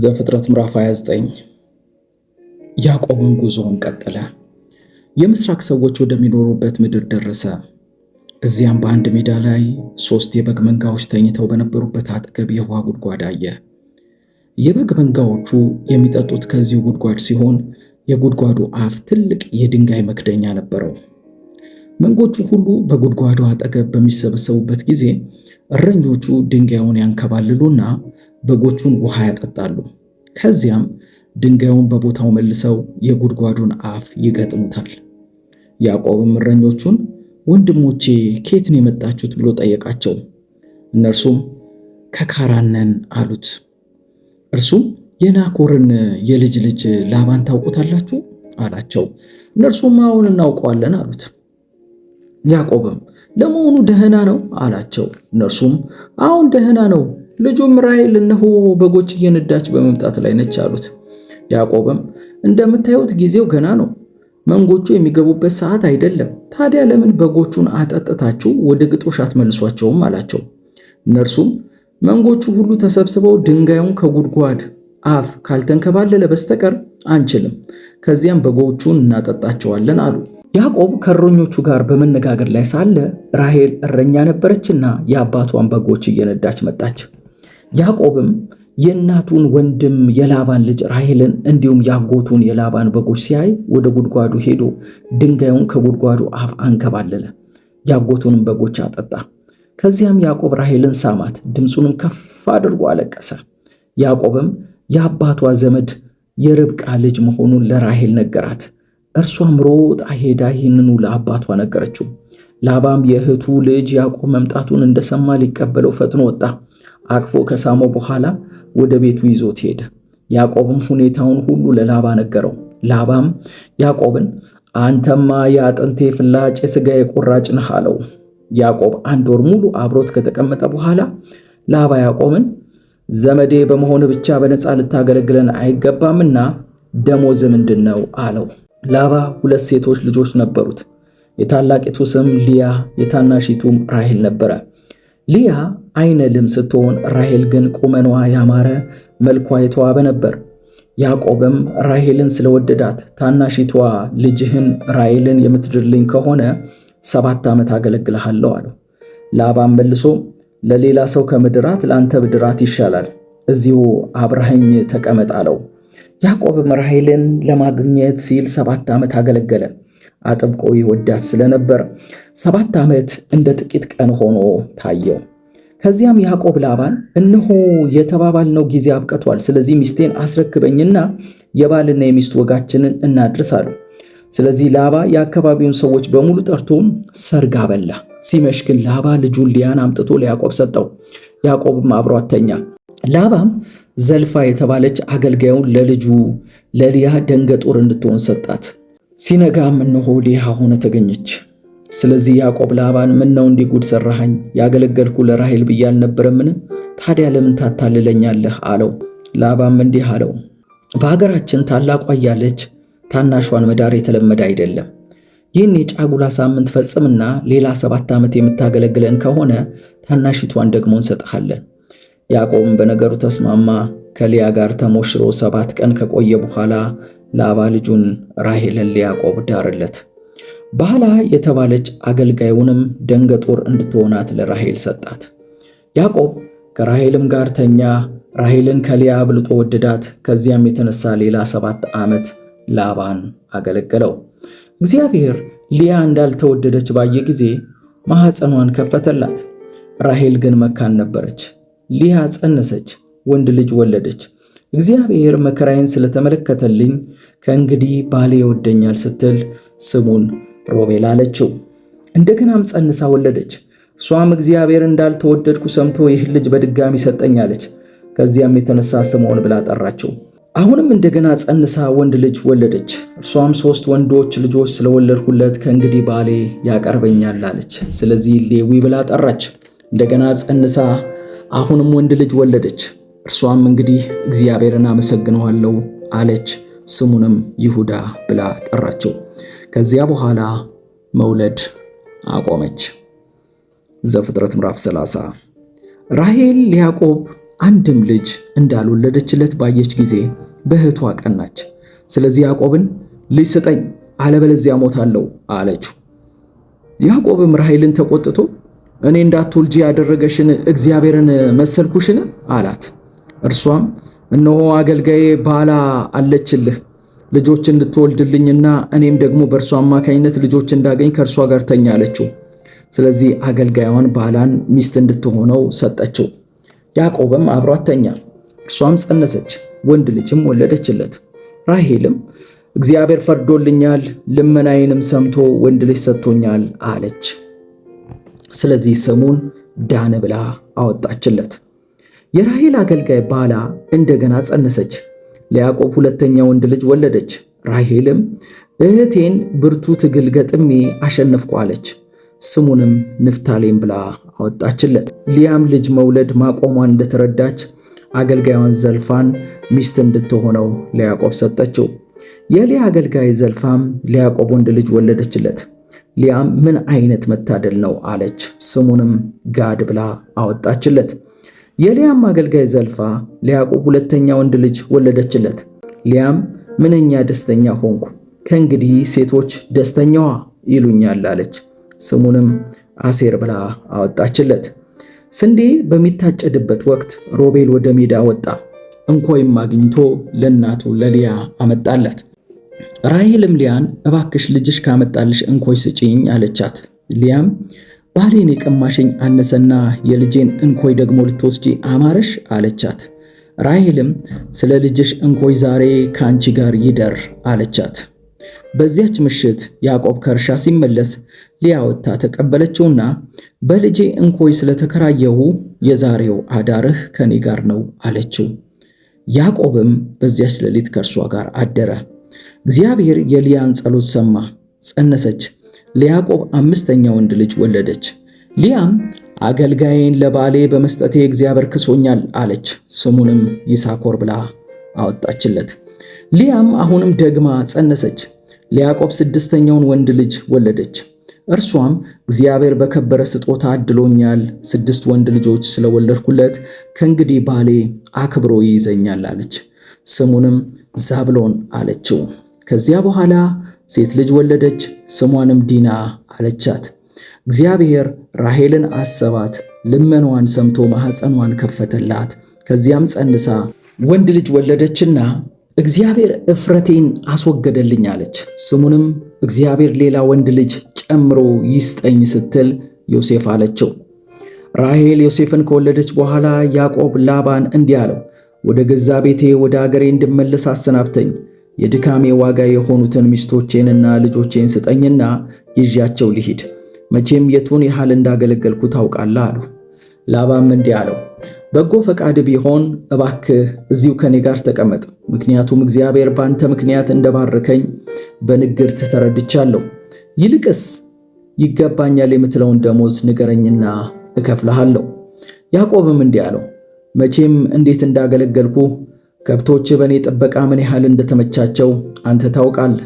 ዘፍጥረት ምዕራፍ 29 ያዕቆብም ጉዞውን ቀጠለ። የምስራቅ ሰዎች ወደሚኖሩበት ምድር ደረሰ። እዚያም በአንድ ሜዳ ላይ ሦስት የበግ መንጋዎች ተኝተው በነበሩበት አጠገብ የውሃ ጉድጓድ አየ። የበግ መንጋዎቹ የሚጠጡት ከዚህ ጉድጓድ ሲሆን የጉድጓዱ አፍ ትልቅ የድንጋይ መክደኛ ነበረው። መንጎቹ ሁሉ በጉድጓዱ አጠገብ በሚሰበሰቡበት ጊዜ እረኞቹ ድንጋዩን ያንከባልሉና በጎቹን ውሃ ያጠጣሉ። ከዚያም ድንጋዩን በቦታው መልሰው የጉድጓዱን አፍ ይገጥሙታል። ያዕቆብም እረኞቹን ወንድሞቼ ኬትን የመጣችሁት ብሎ ጠየቃቸው። እነርሱም ከካራነን አሉት። እርሱም የናኮርን የልጅ ልጅ ላባን ታውቁታላችሁ አላቸው። እነርሱም አሁን እናውቀዋለን አሉት። ያዕቆብም ለመሆኑ ደህና ነው አላቸው። እነርሱም አሁን ደህና ነው ልጁም ራሔል እነሆ በጎች እየነዳች በመምጣት ላይ ነች አሉት። ያዕቆብም እንደምታዩት ጊዜው ገና ነው፣ መንጎቹ የሚገቡበት ሰዓት አይደለም። ታዲያ ለምን በጎቹን አጠጥታችሁ ወደ ግጦሽ አትመልሷቸውም አላቸው። እነርሱም መንጎቹ ሁሉ ተሰብስበው ድንጋዩን ከጉድጓድ አፍ ካልተንከባለለ በስተቀር አንችልም፣ ከዚያም በጎቹን እናጠጣቸዋለን አሉ። ያዕቆብ ከእረኞቹ ጋር በመነጋገር ላይ ሳለ ራሔል እረኛ ነበረችና የአባቷን በጎች እየነዳች መጣች። ያዕቆብም የእናቱን ወንድም የላባን ልጅ ራሄልን እንዲሁም ያጎቱን የላባን በጎች ሲያይ ወደ ጉድጓዱ ሄዶ ድንጋዩን ከጉድጓዱ አፍ አንከባለለ፣ ያጎቱንም በጎች አጠጣ። ከዚያም ያዕቆብ ራሄልን ሳማት፣ ድምፁንም ከፍ አድርጎ አለቀሰ። ያዕቆብም የአባቷ ዘመድ የርብቃ ልጅ መሆኑን ለራሄል ነገራት። እርሷም ሮጣ ሄዳ ይህንኑ ለአባቷ ነገረችው። ላባም የእህቱ ልጅ ያዕቆብ መምጣቱን እንደሰማ ሊቀበለው ፈጥኖ ወጣ። አቅፎ ከሳመው በኋላ ወደ ቤቱ ይዞት ሄደ። ያዕቆብም ሁኔታውን ሁሉ ለላባ ነገረው። ላባም ያዕቆብን አንተማ የአጥንቴ ፍላጭ የሥጋዬ ቁራጭ ነህ አለው። ያዕቆብ አንድ ወር ሙሉ አብሮት ከተቀመጠ በኋላ ላባ ያዕቆብን ዘመዴ በመሆን ብቻ በነፃ ልታገለግለን አይገባምና ደሞዝ ምንድን ነው አለው። ላባ ሁለት ሴቶች ልጆች ነበሩት። የታላቂቱ ስም ሊያ፣ የታናሺቱም ራሄል ነበረ። ሊያ አይነ ልም ስትሆን ራሄል ግን ቁመኗ ያማረ መልኳ የተዋበ ነበር። ያዕቆብም ራሄልን ስለወደዳት ታናሺቷ ልጅህን ራሄልን የምትድርልኝ ከሆነ ሰባት ዓመት አገለግልሃለሁ አለው። ላባም መልሶ ለሌላ ሰው ከምድራት ለአንተ ብድራት ይሻላል፣ እዚሁ አብረኸኝ ተቀመጥ አለው። ያዕቆብም ራሄልን ለማግኘት ሲል ሰባት ዓመት አገለገለ። አጥብቆ ይወዳት ስለነበር ሰባት ዓመት እንደ ጥቂት ቀን ሆኖ ታየው። ከዚያም ያዕቆብ ላባን እነሆ የተባባልነው ጊዜ አብቅቷል፣ ስለዚህ ሚስቴን አስረክበኝና የባልና የሚስት ወጋችንን እናድርስ አሉ። ስለዚህ ላባ የአካባቢውን ሰዎች በሙሉ ጠርቶ ሰርግ አበላ። ሲመሽ ግን ላባ ልጁን ሊያን አምጥቶ ለያዕቆብ ሰጠው። ያዕቆብም አብሯት ተኛ። ላባም ዘልፋ የተባለች አገልጋዩን ለልጁ ለሊያ ደንገ እንድትሆን ሰጣት። ሲነጋም እነሆ ሊያ ሆነ ተገኘች። ስለዚህ ያዕቆብ ላባን ምን ነው እንዲህ ጉድ ሰራሃኝ? ያገለገልኩ ለራሔል ብዬ አልነበረምን? ታዲያ ለምን ታታልለኛለህ? አለው። ላባም እንዲህ አለው፣ በሀገራችን ታላቋ እያለች ታናሿን መዳር የተለመደ አይደለም። ይህን የጫጉላ ሳምንት ፈጽምና ሌላ ሰባት ዓመት የምታገለግለን ከሆነ ታናሽቷን ደግሞ እንሰጥሃለን። ያዕቆብም በነገሩ ተስማማ። ከሊያ ጋር ተሞሽሮ ሰባት ቀን ከቆየ በኋላ ላባ ልጁን ራሄልን ለያዕቆብ ዳረለት። ባህላ የተባለች አገልጋዩንም ደንገጡር እንድትሆናት ለራሄል ሰጣት። ያዕቆብ ከራሄልም ጋር ተኛ። ራሄልን ከሊያ አብልጦ ወደዳት። ከዚያም የተነሳ ሌላ ሰባት ዓመት ላባን አገለገለው። እግዚአብሔር ሊያ እንዳልተወደደች ባየ ጊዜ ማኅፀኗን ከፈተላት። ራሄል ግን መካን ነበረች። ሊያ ጸነሰች፣ ወንድ ልጅ ወለደች። እግዚአብሔር መከራዬን ስለተመለከተልኝ ከእንግዲህ ባሌ ይወደኛል ስትል ስሙን ሮቤል አለችው። እንደገናም ጸንሳ ወለደች። እሷም እግዚአብሔር እንዳልተወደድኩ ሰምቶ ይህ ልጅ በድጋሚ ሰጠኝ አለች። ከዚያም የተነሳ ስምዖን ብላ ጠራችው። አሁንም እንደገና ጸንሳ ወንድ ልጅ ወለደች። እርሷም ሶስት ወንዶች ልጆች ስለወለድኩለት ከእንግዲህ ባሌ ያቀርበኛል አለች። ስለዚህ ሌዊ ብላ ጠራች። እንደገና ጸንሳ አሁንም ወንድ ልጅ ወለደች። እርሷም እንግዲህ እግዚአብሔርን አመሰግነዋለሁ አለች። ስሙንም ይሁዳ ብላ ጠራችው። ከዚያ በኋላ መውለድ አቆመች። ዘፍጥረት ምዕራፍ 30 ራሄል ለያዕቆብ አንድም ልጅ እንዳልወለደችለት ባየች ጊዜ በእህቱ ቀናች። ስለዚህ ያዕቆብን ልጅ ስጠኝ፣ አለበለዚያ ሞታለሁ አለችው። ያዕቆብም ራሄልን ተቆጥቶ እኔ እንዳትወልጂ ያደረገሽን እግዚአብሔርን መሰልኩሽን አላት። እርሷም እነሆ አገልጋዬ ባላ አለችልህ ልጆች እንድትወልድልኝና እኔም ደግሞ በእርሷ አማካኝነት ልጆች እንዳገኝ ከእርሷ ጋር ተኛ አለችው። ስለዚህ አገልጋዩን ባላን ሚስት እንድትሆነው ሰጠችው። ያዕቆብም አብሯት ተኛ። እርሷም ጸነሰች፣ ወንድ ልጅም ወለደችለት። ራሄልም እግዚአብሔር ፈርዶልኛል፣ ልመናዬንም ሰምቶ ወንድ ልጅ ሰጥቶኛል አለች። ስለዚህ ስሙን ዳን ብላ አወጣችለት። የራሄል አገልጋይ ባላ እንደገና ጸነሰች፣ ለያዕቆብ ሁለተኛ ወንድ ልጅ ወለደች። ራሄልም እህቴን ብርቱ ትግል ገጥሜ አሸነፍኩ አለች። ስሙንም ንፍታሌም ብላ አወጣችለት። ሊያም ልጅ መውለድ ማቆሟን እንደተረዳች አገልጋዩን ዘልፋን ሚስት እንድትሆነው ለያዕቆብ ሰጠችው። የሊያ አገልጋይ ዘልፋም ለያዕቆብ ወንድ ልጅ ወለደችለት። ሊያም ምን አይነት መታደል ነው አለች። ስሙንም ጋድ ብላ አወጣችለት። የሊያም አገልጋይ ዘልፋ ለያዕቆብ ሁለተኛ ወንድ ልጅ ወለደችለት። ሊያም ምንኛ ደስተኛ ሆንኩ፣ ከእንግዲህ ሴቶች ደስተኛዋ ይሉኛል አለች። ስሙንም አሴር ብላ አወጣችለት። ስንዴ በሚታጨድበት ወቅት ሮቤል ወደ ሜዳ ወጣ። እንኮይም አግኝቶ ለእናቱ ለሊያ አመጣላት። ራሄልም ሊያን እባክሽ ልጅሽ ካመጣልሽ እንኮይ ስጪኝ አለቻት። ሊያም ባሌን የቀማሽኝ አነሰና የልጄን እንኮይ ደግሞ ልትወስጂ አማረሽ አለቻት። ራሄልም ስለ ልጅሽ እንኮይ ዛሬ ከአንቺ ጋር ይደር አለቻት። በዚያች ምሽት ያዕቆብ ከእርሻ ሲመለስ ሊያ ወጥታ ተቀበለችውና በልጄ እንኮይ ስለተከራየሁ የዛሬው አዳርህ ከኔ ጋር ነው አለችው። ያዕቆብም በዚያች ሌሊት ከእርሷ ጋር አደረ። እግዚአብሔር የሊያን ጸሎት ሰማ፣ ጸነሰች። ለያዕቆብ አምስተኛ ወንድ ልጅ ወለደች። ሊያም አገልጋይን ለባሌ በመስጠቴ እግዚአብሔር ክሶኛል አለች። ስሙንም ይሳኮር ብላ አወጣችለት። ሊያም አሁንም ደግማ ጸነሰች። ለያዕቆብ ስድስተኛውን ወንድ ልጅ ወለደች። እርሷም እግዚአብሔር በከበረ ስጦታ አድሎኛል፣ ስድስት ወንድ ልጆች ስለወለድኩለት ከእንግዲህ ባሌ አክብሮ ይይዘኛል አለች። ስሙንም ዛብሎን አለችው። ከዚያ በኋላ ሴት ልጅ ወለደች፣ ስሟንም ዲና አለቻት። እግዚአብሔር ራሄልን አሰባት፣ ልመናዋን ሰምቶ ማኅፀኗን ከፈተላት። ከዚያም ጸንሳ ወንድ ልጅ ወለደችና እግዚአብሔር እፍረቴን አስወገደልኝ አለች። ስሙንም እግዚአብሔር ሌላ ወንድ ልጅ ጨምሮ ይስጠኝ ስትል ዮሴፍ አለችው። ራሄል ዮሴፍን ከወለደች በኋላ ያዕቆብ ላባን እንዲህ አለው፣ ወደ ገዛ ቤቴ ወደ አገሬ እንድመለስ አሰናብተኝ የድካሜ ዋጋ የሆኑትን ሚስቶቼንና ልጆቼን ስጠኝና ይዣቸው ልሂድ፣ መቼም የቱን ያህል እንዳገለገልኩ ታውቃለህ አሉ። ላባም እንዲህ አለው፣ በጎ ፈቃድ ቢሆን እባክህ እዚሁ ከኔ ጋር ተቀመጥ፣ ምክንያቱም እግዚአብሔር በአንተ ምክንያት እንደባረከኝ በንግርት ተረድቻለሁ። ይልቅስ ይገባኛል የምትለውን ደሞዝ ንገረኝና እከፍልሃለሁ። ያዕቆብም እንዲህ አለው፣ መቼም እንዴት እንዳገለገልኩ ከብቶች በእኔ ጥበቃ ምን ያህል እንደተመቻቸው አንተ ታውቃለህ።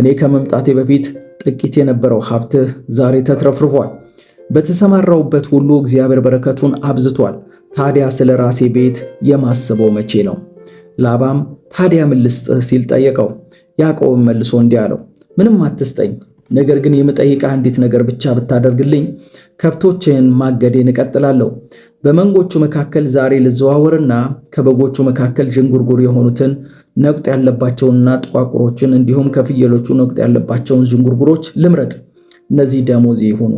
እኔ ከመምጣቴ በፊት ጥቂት የነበረው ሀብትህ ዛሬ ተትረፍርፏል። በተሰማራውበት ሁሉ እግዚአብሔር በረከቱን አብዝቷል። ታዲያ ስለ ራሴ ቤት የማስበው መቼ ነው? ላባም ታዲያ ምን ልስጥህ ሲል ጠየቀው። ያዕቆብም መልሶ እንዲህ አለው፣ ምንም አትስጠኝ፣ ነገር ግን የምጠይቅህ አንዲት ነገር ብቻ ብታደርግልኝ ከብቶችህን ማገዴን እቀጥላለሁ። በመንጎቹ መካከል ዛሬ ልዘዋወርና ከበጎቹ መካከል ዥንጉርጉር የሆኑትን ነቁጥ ያለባቸውንና ጥቋቁሮችን እንዲሁም ከፍየሎቹ ነቁጥ ያለባቸውን ዥንጉርጉሮች ልምረጥ። እነዚህ ደሞዜ ይሁኑ።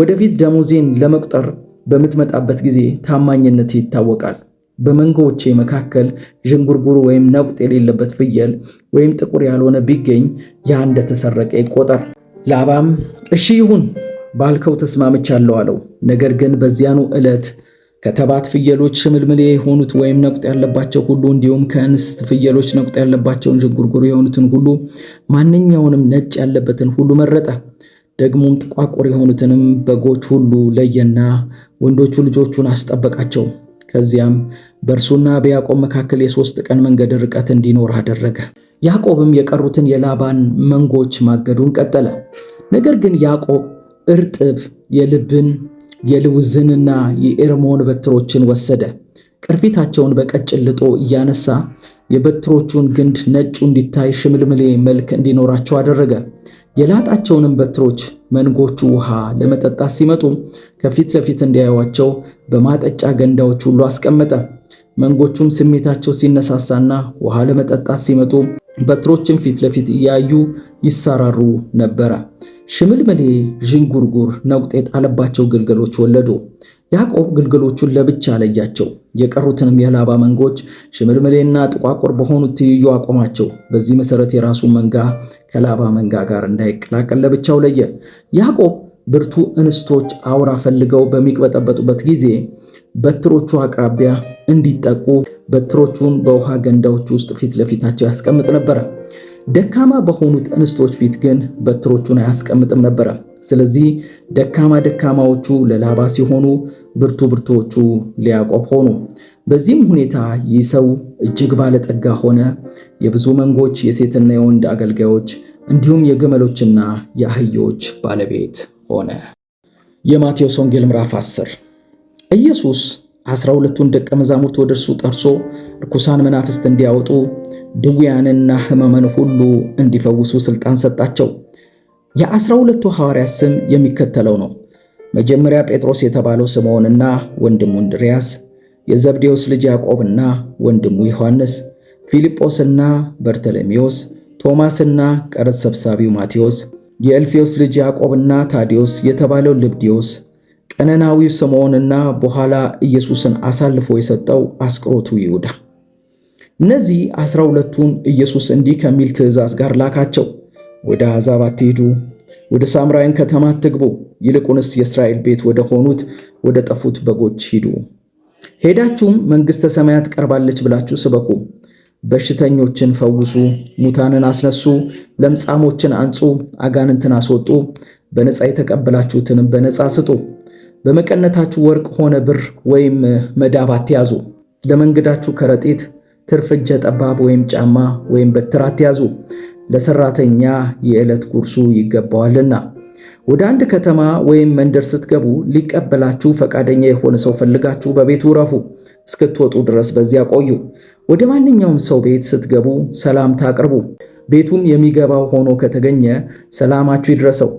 ወደፊት ደሞዜን ለመቁጠር በምትመጣበት ጊዜ ታማኝነት ይታወቃል። በመንጎዎቼ መካከል ዥንጉርጉር ወይም ነቁጥ የሌለበት ፍየል ወይም ጥቁር ያልሆነ ቢገኝ ያ እንደተሰረቀ ይቆጠር። ላባም እሺ ይሁን ባልከው ተስማምቻለሁ አለው። ነገር ግን በዚያኑ ዕለት ከተባት ፍየሎች ሽምልምሌ የሆኑት ወይም ነቁጥ ያለባቸው ሁሉ እንዲሁም ከእንስት ፍየሎች ነቁጥ ያለባቸውን ዥንጉርጉር የሆኑትን ሁሉ ማንኛውንም ነጭ ያለበትን ሁሉ መረጠ። ደግሞም ጥቋቁር የሆኑትንም በጎች ሁሉ ለየና ወንዶቹ ልጆቹን አስጠበቃቸው። ከዚያም በእርሱና በያዕቆብ መካከል የሦስት ቀን መንገድ ርቀት እንዲኖር አደረገ። ያዕቆብም የቀሩትን የላባን መንጎች ማገዱን ቀጠለ። ነገር ግን ያዕቆብ እርጥብ የልብን የልውዝንና የኤርሞን በትሮችን ወሰደ። ቅርፊታቸውን በቀጭን ልጦ እያነሳ የበትሮቹን ግንድ ነጩ እንዲታይ ሽምልምሌ መልክ እንዲኖራቸው አደረገ። የላጣቸውንም በትሮች መንጎቹ ውሃ ለመጠጣት ሲመጡ ከፊት ለፊት እንዲያዩቸው በማጠጫ ገንዳዎች ሁሉ አስቀመጠ። መንጎቹም ስሜታቸው ሲነሳሳና ውሃ ለመጠጣት ሲመጡ በትሮችን ፊት ለፊት እያዩ ይሰራሩ ነበረ። ሽምልምሌ፣ ዥንጉርጉር፣ ነቁጤ ጣለባቸው ግልገሎች ወለዱ። ያዕቆብ ግልገሎቹን ለብቻ ለያቸው። የቀሩትንም የላባ መንጎች ሽምልምሌና ጥቋቁር በሆኑት ትይዩ አቆማቸው። በዚህ መሰረት የራሱን መንጋ ከላባ መንጋ ጋር እንዳይቀላቀል ለብቻው ለየ። ያዕቆብ ብርቱ እንስቶች አውራ ፈልገው በሚቅበጠበጡበት ጊዜ በትሮቹ አቅራቢያ እንዲጠቁ በትሮቹን በውሃ ገንዳዎች ውስጥ ፊት ለፊታቸው ያስቀምጥ ነበረ። ደካማ በሆኑት እንስቶች ፊት ግን በትሮቹን አያስቀምጥም ነበረ። ስለዚህ ደካማ ደካማዎቹ ለላባ ሲሆኑ፣ ብርቱ ብርቶቹ ለያዕቆብ ሆኑ። በዚህም ሁኔታ ይህ ሰው እጅግ ባለጠጋ ሆነ። የብዙ መንጎች የሴትና የወንድ አገልጋዮች እንዲሁም የግመሎችና የአህዮች ባለቤት ሆነ። የማቴዎስ ወንጌል ምዕራፍ 10 ኢየሱስ አስራ ሁለቱን ደቀ መዛሙርት ወደ እርሱ ጠርሶ ርኩሳን መናፍስት እንዲያወጡ ድውያንና ህመመን ሁሉ እንዲፈውሱ ሥልጣን ሰጣቸው። የአስራ ሁለቱ ሐዋርያት ስም የሚከተለው ነው። መጀመሪያ ጴጥሮስ የተባለው ስምዖንና ወንድሙ እንድርያስ፣ የዘብዴዎስ ልጅ ያዕቆብና ወንድሙ ዮሐንስ፣ ፊልጶስና በርተሎሜዎስ፣ ቶማስና ቀረጥ ሰብሳቢው ማቴዎስ፣ የእልፌዎስ ልጅ ያዕቆብና ታዲዮስ የተባለው ልብዲዮስ ቀነናዊው ስምዖንና በኋላ ኢየሱስን አሳልፎ የሰጠው አስቆሮቱ ይሁዳ። እነዚህ አስራ ሁለቱን ኢየሱስ እንዲህ ከሚል ትእዛዝ ጋር ላካቸው። ወደ አሕዛብ አትሂዱ፣ ወደ ሳምራውያን ከተማ አትግቡ፣ ይልቁንስ የእስራኤል ቤት ወደ ሆኑት ወደ ጠፉት በጎች ሂዱ። ሄዳችሁም መንግሥተ ሰማያት ቀርባለች ብላችሁ ስበኩ። በሽተኞችን ፈውሱ፣ ሙታንን አስነሱ፣ ለምጻሞችን አንጹ፣ አጋንንትን አስወጡ፣ በነፃ የተቀበላችሁትንም በነፃ ስጡ በመቀነታችሁ ወርቅ ሆነ ብር ወይም መዳብ አትያዙ። ለመንገዳችሁ ከረጢት፣ ትርፍ እጀ ጠባብ ወይም ጫማ ወይም በትር አትያዙ፣ ለሰራተኛ የዕለት ጉርሱ ይገባዋልና። ወደ አንድ ከተማ ወይም መንደር ስትገቡ ሊቀበላችሁ ፈቃደኛ የሆነ ሰው ፈልጋችሁ በቤቱ ረፉ፣ እስክትወጡ ድረስ በዚያ ቆዩ። ወደ ማንኛውም ሰው ቤት ስትገቡ ሰላምታ አቅርቡ። ቤቱም የሚገባው ሆኖ ከተገኘ ሰላማችሁ ይድረሰው።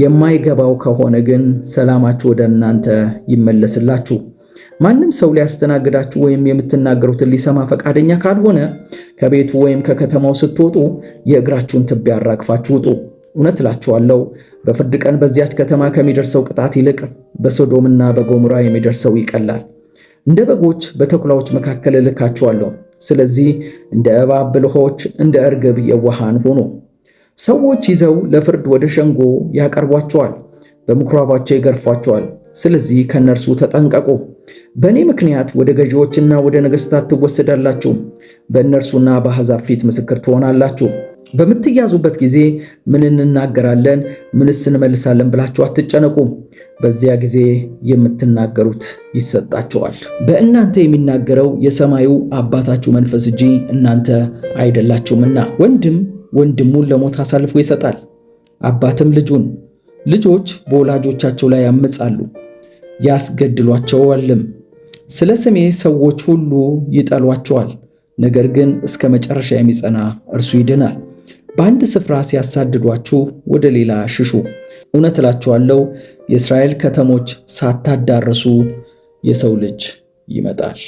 የማይገባው ከሆነ ግን ሰላማችሁ ወደ እናንተ ይመለስላችሁ። ማንም ሰው ሊያስተናግዳችሁ ወይም የምትናገሩትን ሊሰማ ፈቃደኛ ካልሆነ ከቤቱ ወይም ከከተማው ስትወጡ የእግራችሁን ትቢያ አራግፋችሁ ውጡ። እውነት እላችኋለሁ በፍርድ ቀን በዚያች ከተማ ከሚደርሰው ቅጣት ይልቅ በሶዶምና በጎሞራ የሚደርሰው ይቀላል። እንደ በጎች በተኩላዎች መካከል እልካችኋለሁ። ስለዚህ እንደ እባብ ብልሆች፣ እንደ እርግብ የዋሃን ሁኑ። ሰዎች ይዘው ለፍርድ ወደ ሸንጎ ያቀርቧቸዋል፣ በምኩራባቸው ይገርፏቸዋል። ስለዚህ ከነርሱ ተጠንቀቁ። በእኔ ምክንያት ወደ ገዢዎችና ወደ ነገሥታት ትወሰዳላችሁ፣ በእነርሱና በአሕዛብ ፊት ምስክር ትሆናላችሁ። በምትያዙበት ጊዜ ምን እንናገራለን፣ ምንስ እንመልሳለን ብላችሁ አትጨነቁ። በዚያ ጊዜ የምትናገሩት ይሰጣችኋል። በእናንተ የሚናገረው የሰማዩ አባታችሁ መንፈስ እንጂ እናንተ አይደላችሁምና ወንድም ወንድሙን ለሞት አሳልፎ ይሰጣል። አባትም ልጁን፣ ልጆች በወላጆቻቸው ላይ ያምጻሉ ያስገድሏቸዋልም። ስለ ስሜ ሰዎች ሁሉ ይጠሏቸዋል፣ ነገር ግን እስከ መጨረሻ የሚጸና እርሱ ይድናል። በአንድ ስፍራ ሲያሳድዷችሁ ወደ ሌላ ሽሹ። እውነት እላችኋለሁ የእስራኤል ከተሞች ሳታዳርሱ የሰው ልጅ ይመጣል።